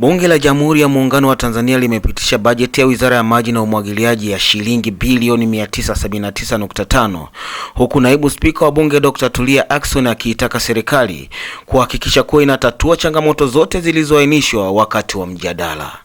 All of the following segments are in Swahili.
Bunge la Jamhuri ya Muungano wa Tanzania limepitisha bajeti ya Wizara ya Maji na Umwagiliaji ya shilingi bilioni 979.5 huku Naibu Spika wa Bunge Dr. Tulia Ackson akiitaka serikali kuhakikisha kuwa inatatua changamoto zote zilizoainishwa wakati wa mjadala.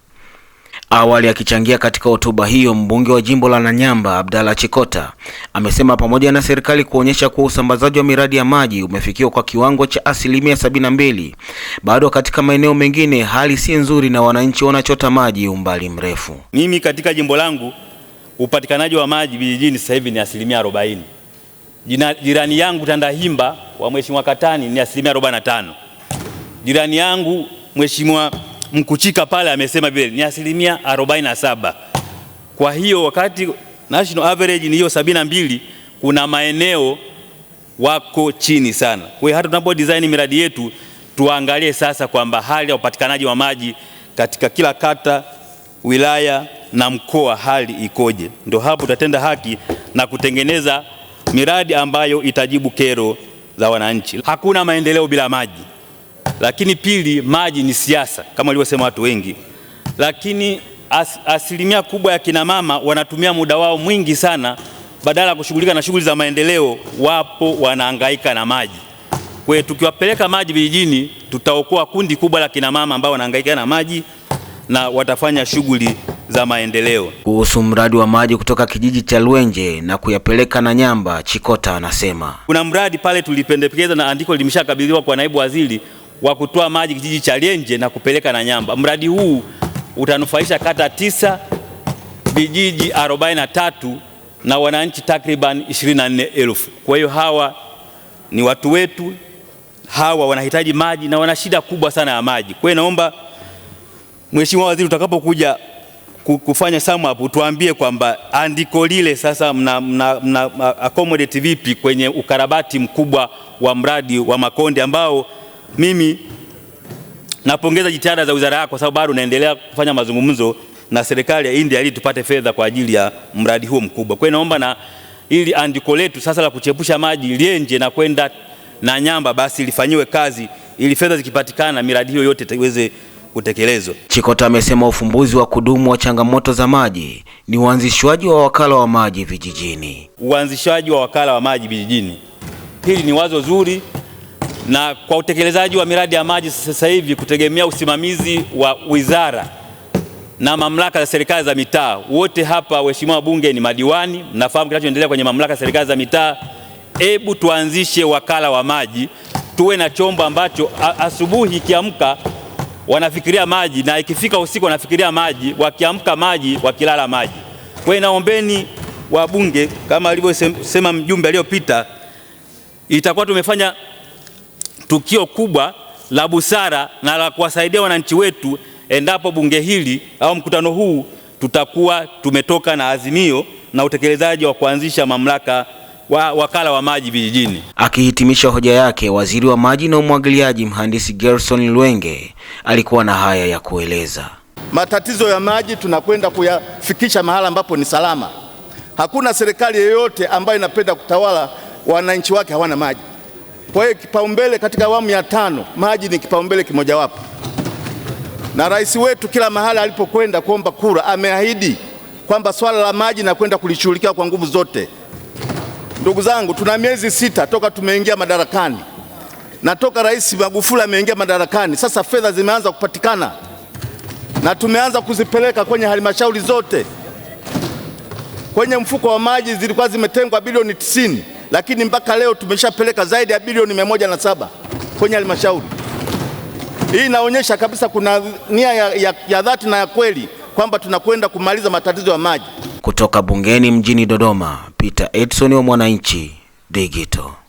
Awali akichangia katika hotuba hiyo, mbunge wa jimbo la Nanyamba Abdalla Chikota amesema pamoja na serikali kuonyesha kuwa usambazaji wa miradi ya maji umefikiwa kwa kiwango cha asilimia sabini na mbili, bado katika maeneo mengine hali si nzuri na wananchi wanachota maji umbali mrefu. Mimi katika jimbo langu upatikanaji wa maji vijijini sasa hivi ni asilimia 40. Jirani yangu Tandahimba wa Mheshimiwa Katani ni asilimia 45. Jirani yangu Mheshimiwa Mkuchika pale amesema vile ni asilimia 47. Kwa hiyo wakati national average ni hiyo mbili, kuna maeneo wako chini sana. Kwa hiyo hata tunapo design miradi yetu tuangalie sasa kwamba hali ya upatikanaji wa maji katika kila kata, wilaya na mkoa hali ikoje. Ndio hapo tutatenda haki na kutengeneza miradi ambayo itajibu kero za wananchi. Hakuna maendeleo bila maji. Lakini pili, maji ni siasa kama walivyosema watu wengi, lakini as, asilimia kubwa ya kinamama wanatumia muda wao mwingi sana, badala ya kushughulika na shughuli za maendeleo, wapo wanahangaika na maji. Kwa hiyo tukiwapeleka maji vijijini, tutaokoa kundi kubwa la kinamama ambao wanahangaika na maji na watafanya shughuli za maendeleo. Kuhusu mradi wa maji kutoka kijiji cha Lwenje na kuyapeleka na Nyamba, Chikota anasema kuna mradi pale tulipendekeza na andiko limeshakabidhiwa kwa naibu waziri wa kutoa maji kijiji cha Lyenje na kupeleka na Nyamba. Mradi huu utanufaisha kata tisa, vijiji 43 na wananchi takriban 24,000. Kwa hiyo hawa ni watu wetu, hawa wanahitaji maji na wana shida kubwa sana ya maji. Kwa hiyo naomba Mheshimiwa Waziri, utakapokuja kufanya sum up tuambie kwamba andiko lile sasa mna, mna, mna accommodate vipi kwenye ukarabati mkubwa wa mradi wa Makonde ambao mimi napongeza jitihada za wizara yako kwa sababu bado unaendelea kufanya mazungumzo na serikali ya India ili tupate fedha kwa ajili ya mradi huo mkubwa. Kwa hiyo naomba na ili andiko letu sasa la kuchepusha maji lienje na kwenda na Nyamba basi lifanyiwe kazi ili fedha zikipatikana miradi hiyo yote iweze kutekelezwa. Chikota amesema ufumbuzi wa kudumu wa changamoto za maji ni uanzishwaji wa wakala wa maji vijijini. Uanzishwaji wa wakala wa maji vijijini, hili ni wazo zuri na kwa utekelezaji wa miradi ya maji sasa hivi kutegemea usimamizi wa wizara na mamlaka za serikali za mitaa. Wote hapa waheshimiwa wabunge ni madiwani, mnafahamu kinachoendelea kwenye mamlaka za serikali za mitaa. Hebu tuanzishe wakala wa maji, tuwe na chombo ambacho asubuhi ikiamka wanafikiria maji na ikifika usiku wanafikiria maji, wakiamka maji, wakilala maji. Kwa hiyo naombeni wabunge, kama alivyosema mjumbe aliyopita, itakuwa tumefanya tukio kubwa la busara na la kuwasaidia wananchi wetu endapo bunge hili au mkutano huu tutakuwa tumetoka na azimio na utekelezaji wa kuanzisha mamlaka wa wakala wa maji vijijini. Akihitimisha hoja yake, waziri wa maji na umwagiliaji mhandisi Gerson Lwenge alikuwa na haya ya kueleza. Matatizo ya maji tunakwenda kuyafikisha mahala ambapo ni salama. Hakuna serikali yoyote ambayo inapenda kutawala wananchi wake hawana maji. Kwa hiyo kipaumbele katika awamu ya tano, maji ni kipaumbele kimojawapo, na rais wetu kila mahali alipokwenda kuomba kura ameahidi kwamba swala la maji na kwenda kulishughulikia kwa nguvu zote. Ndugu zangu, tuna miezi sita toka tumeingia madarakani na toka Rais Magufuli ameingia madarakani, sasa fedha zimeanza kupatikana na tumeanza kuzipeleka kwenye halmashauri zote. Kwenye mfuko wa maji zilikuwa zimetengwa bilioni 9s0 lakini mpaka leo tumeshapeleka zaidi ya bilioni mia moja na saba kwenye halmashauri hii. Inaonyesha kabisa kuna nia ya, ya, ya dhati na ya kweli kwamba tunakwenda kumaliza matatizo ya maji. Kutoka bungeni mjini Dodoma, Peter Edson wa Mwananchi Digital.